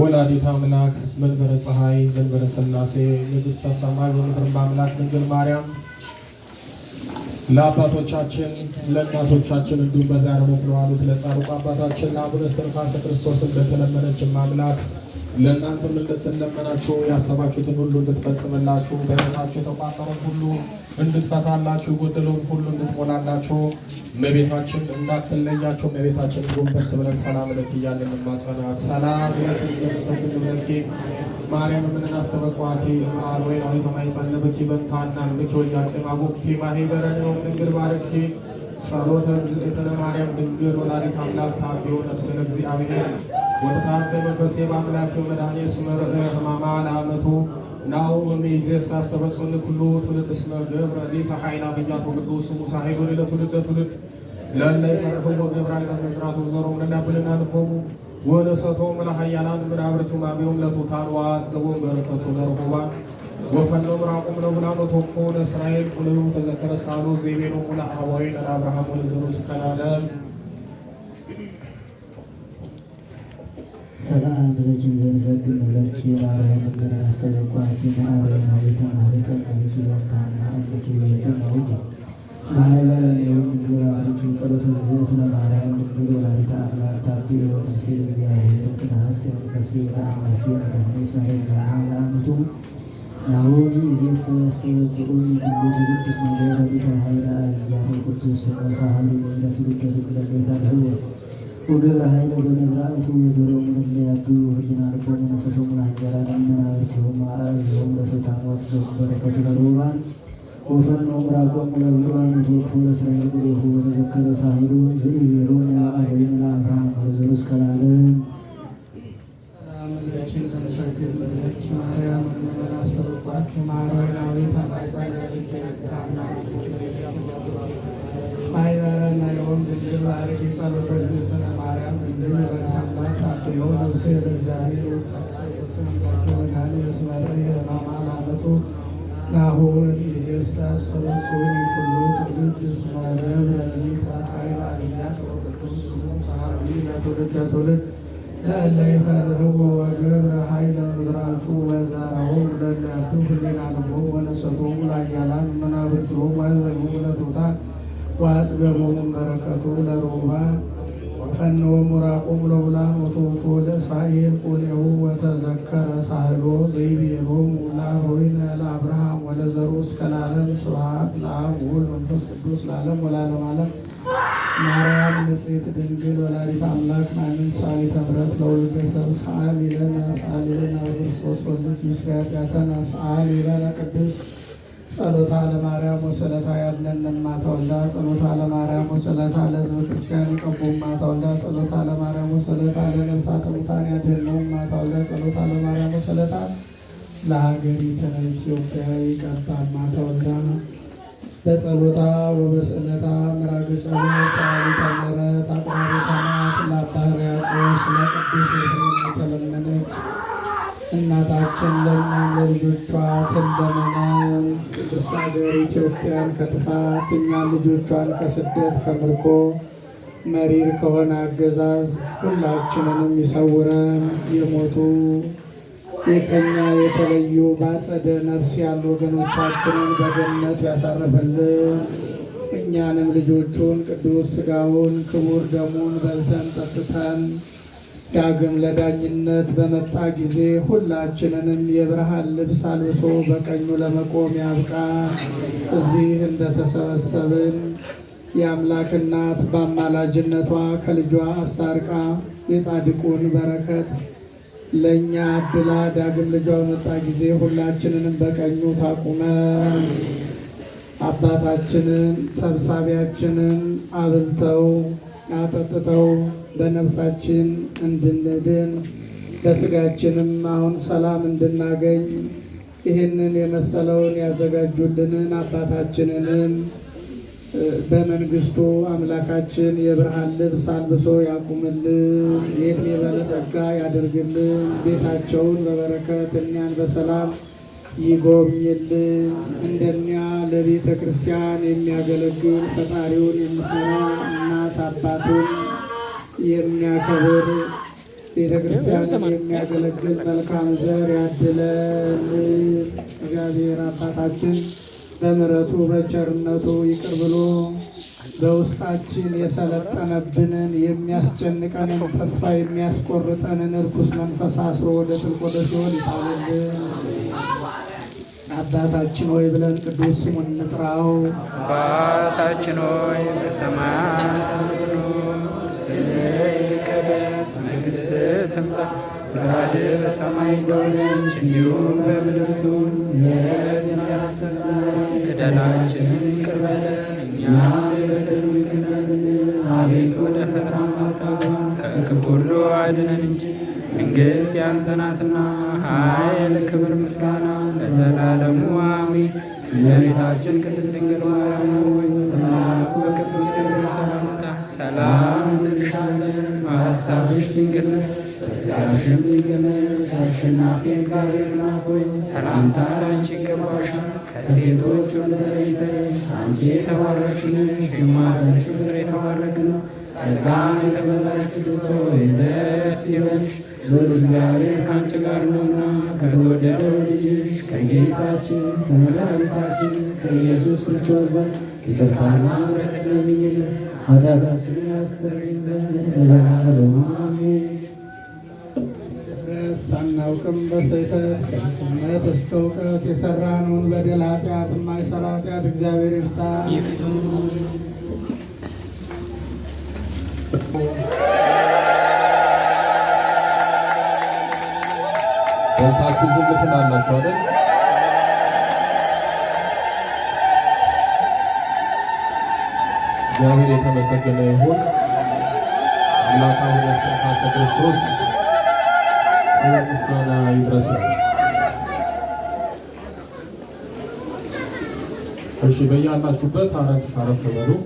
ወላዲተ አምላክ መንበረ ፀሐይ መንበረ ሥላሴ ንግሥተ ሰማይ ወምድር አምላክ ድንግል ማርያም ለአባቶቻችን ለእናቶቻችን እንዲሁም በዛሬው ዕለት ለዋሉት ለጻድቁ አባታችን ለአቡነ እስትንፋሰ ክርስቶስ እንደተለመነች አምላክ ለእናንተም እንድትለመናችሁ ያሰባችሁትን ሁሉ እንድትፈጽምላችሁ በህይወታችሁ የተቋጠረውን ሁሉ እንድትፈታላችሁ የጎደለውን ሁሉ እንድትሞላላችሁ መቤታችን እንዳትለያቸው መቤታችን ጎንበስ ብለን ሰላም ለት እያለ እንማጸናት። ሰላም ለት ዘመሰግን ብለኪ ማርያም ምንን አስተበቋቲ አሮይ አርወይ ነው ብኪ በንታና ብኪ ወያቄ ማቡኪ ማሄ ነው ንግር ባረኪ ጸሎተ እግዝእትነ ማርያም ድንግል ወላዲተ አምላክ ታቢዮ ነፍስነ እግዚአብሔር ወተታሰበበት ኄባ አምላኬ መድኃኔ ስመር ርኅራኄ ሕማማን ናሁ እምይእዜሰ አስተበጽሑኒ ኩሉ ትውልድ እስመ ገብረ ሊቀ ኃይል አብያተ ቅዱስ ሙሳሄዶ ለትውልደ ትውልድ ለእለ ይፈርህዎ ገብረ ኃይል መሥራቱ ዘሮሙ ለዳብልና ንፎሙ ወለሰቶም ለኃያላን መናብር ትማሜም ለቱታን ወአስገቦም በረከቱ ለርኩባን ወፈኖም ራቁም ለብላን ወትወክፎ ለእስራኤል ቁልሉ ተዘከረ ሳሉ ዘይቤሎሙ ለአበዊነ ለአብርሃም ወለዘሩ እስከ ለዓለም ሰብአ በለችን ዘምሰግድ መለኪ የማርያም ምድር አስተበቋቲ ማርያም ሀይታ ማህፀን ብዙ ወታና አጥቂ ወይተን አውጅ ማህበረን የሆን ምድር አብሪቱ ለማርያም ምድር ወላዲተ አምላክ ታዱ ነፍሴ እግዚአብሔር ቅናስ ነፍሴ በአማኪ መድኃኒት መሬራ ለአመቱ ናሆሚ እዜስተበጽኡ ግንቦቱ ቅዱስ ነገር ወዲተ ሀይለ አብያተ ቅዱስ ሞሳ ሀሉ ለትውልደቱ ወገብረ ኃይለ በመዝራእቱ ወዘሮሙ ለሚያዱ ህሊና ልቦሙ ነሰቶሙ ለአንጀራ ለመናብርቲሆሙ አርአዩሆሙ ለቶታን ወስደሆሙ በረከቱ ለርቡባን ወፈኖሙ ምራቆሙ ለብሉባን ወተወልፎ ለእስራኤል ጉሌሁ ወተዘከረ ሳህሉ ዝኢቤሎሙ ለአበዊነ ለአብርሃም ወዘእስከ ለዓለም እመቤታችን ተመሳተ መላኪ ማርያም መመና ሰሩባት ማርያማዊ ማይበረና የሆን ድል ባረኪ ጸሎተ ማርያም እንድን በናባት አጥዮ ነፍሴ ለእግዚአብሔር ወቃሰሰስኪሆናል እስመረ የማማ ማለቱ ናሁ ኢየሳ ሰለሱ ኩሉ ቅዱስ እስመ ረብ ለሊተ ኃይል አልያ ትውልድ ለእለ ይፈርህዎ ወግብረ ኃይለ ምዝራቱ ወዛራሆም ለእናቱ ህሊናንሆ ወነሰቶም ላያላን መናብርትሆም ወህዝበሆም ለቶታል ወአጽገቦም በረከቱ ለሮማ ወፈንዎም ውራቆም ለውላ ሞቶቶ ለእስራኤል ቁኔሁ ወተዘከረ ሳህሎ ዘይቤሎም ውላ ሆይነ ለዘሩ እስከ ለዓለም ስብሐት ለአብ ወወልድ ወመንፈስ ቅዱስ ለዓለም ወላለም ዓለም። ማርያም ንጽሕት ድንግል ወላዲተ አምላክ ማንን ሳሊ ተምረት ለወልደ ሰብ ሰአሊ ለነ ሰአሊ ለነ ክርስቶስ ወልድ ምስሪያት ያተና ሰአሊ ለነ ቅዱስ ጸሎታ ለማርያም ወሰለታ ያለን ማተወላ ጸሎታ ለማርያም ወሰለታ ለሕዝበ ክርስቲያን ይቀቡም ማተወላ ጸሎታ ለማርያም ወሰለታ ለነብሳ ሙታን ያድኅኖም ማተወላ ጸሎታ ለማርያም ወሰለታ ለሀገሪተ ኢትዮጵያ ይቀጣማ ተወልዳ በጸሎታ ወበስእለታ ምራግ ጸሎት ተመረት አቅራሪ ተማት ለአባህርያቆስ ለቅዱስ ኤፍሬም የተለመነች እናታችን ለእኛም ለልጆቿ ትለመናን። ቅድስት ሀገር ኢትዮጵያን ከጥፋት እኛን ልጆቿን ከስደት ከምርኮ መሪር ከሆነ አገዛዝ ሁላችንንም ይሰውረን። የሞቱ ይህ የተለዩ በአጸደ ነፍስ ያሉ ወገኖቻችንን በገነት ያሳረፈልን እኛንም ልጆቹን ቅዱስ ስጋውን ክቡር ደሙን በልተን ጠጥተን ዳግም ለዳኝነት በመጣ ጊዜ ሁላችንንም የብርሃን ልብስ አልብሶ በቀኙ ለመቆም ያብቃ። እዚህ እንደተሰበሰብን የአምላክ እናት በአማላጅነቷ ከልጇ አስታርቃ የጻድቁን በረከት ለእኛ አድላ ዳግም ልጇ በመጣ ጊዜ ሁላችንንም በቀኙ ታቁመን አባታችንን ሰብሳቢያችንን አብልተው አጠጥተው በነፍሳችን እንድንድን በስጋችንም አሁን ሰላም እንድናገኝ ይህንን የመሰለውን ያዘጋጁልንን አባታችንንን በመንግስቱ አምላካችን የብርሃን ልብስ አልብሶ ያቁምልን። ይህን የበለጸጋ ያደርግልን። ቤታቸውን በበረከት እኒያን በሰላም ይጎብኝልን። እንደኛ ለቤተ ክርስቲያን የሚያገለግል ፈጣሪውን የሚሰራ እናት አባቱን የሚያከብር ቤተ ክርስቲያን የሚያገለግል መልካም ዘር ያድለን። እግዚአብሔር አባታችን በምረቱ በቸርነቱ ይቅር ብሎ በውስጣችን የሰለጠነብንን የሚያስጨንቀንን ተስፋ የሚያስቆርጠንን እርኩስ መንፈስ አስሮ ወደ ጥልቅ ወደ ሲሆን ይጣልልን። አባታችን ሆይ ብለን ቅዱስ ስሙን እንጥራው። አባታችን ሆይ በሰማያት ስምህ ይቀደስ፣ መንግስት ትምጣ፣ ፈቃድህ በሰማይ እንደሆነች እንዲሁም በምድር ትሁን አድነን እንጂ መንግሥት ያንተ ናትና ኃይል፣ ክብር፣ ምስጋና ለዘላለሙ አሜን። እመቤታችን ቅድስት ድንግል ማርያም ሆይ በመልአኩ በቅዱስ ገብርኤል ሰላምታ ሰላም እንልሻለን። በሐሳብሽ ድንግል ነሽ፣ በሥጋሽም ድንግል ነሽ። አሸናፊ እግዚአብሔር ናት ሆይ ሰላምታ ላንቺ ይገባሻል። ከሴቶች ሁሉ ተለይተሽ አንቺ የተባረክሽ ነሽ፣ የማኅፀንሽ ፍሬ የተባረከ ነው። ጸጋን የተመላሽ ቅድስት ሆይ ደስ ይበልሽ፣ ሉል እግዚአብሔር ከአንቺ ጋር ነውና፣ ከተወደደው ልጅሽ ከጌታችን ከመድኃኒታችን ከኢየሱስ ክርስቶስ ዘንድ ይቅርታና ምሕረት ለምኝልን ኃጢአታችንን ያስተሰርይልን ዘንድ ለዘላለሙ አሜን። ሳናውቅም በስህተት ከንቱነት እስከ እውቀት የሠራነውን በደል ኃጢአት፣ የማይሠራ ኃጢአት እግዚአብሔር ይፍታ። በልታችሁ ዝም ትላላችሁ አይደል? እግዚአብሔር የተመሰገነ ይሁን። አምላካችን ኢየሱስ ክርስቶስ ምስጋና ይድረስ። እሺ፣ በያላችሁበት አረፍ አረፍ በሉ።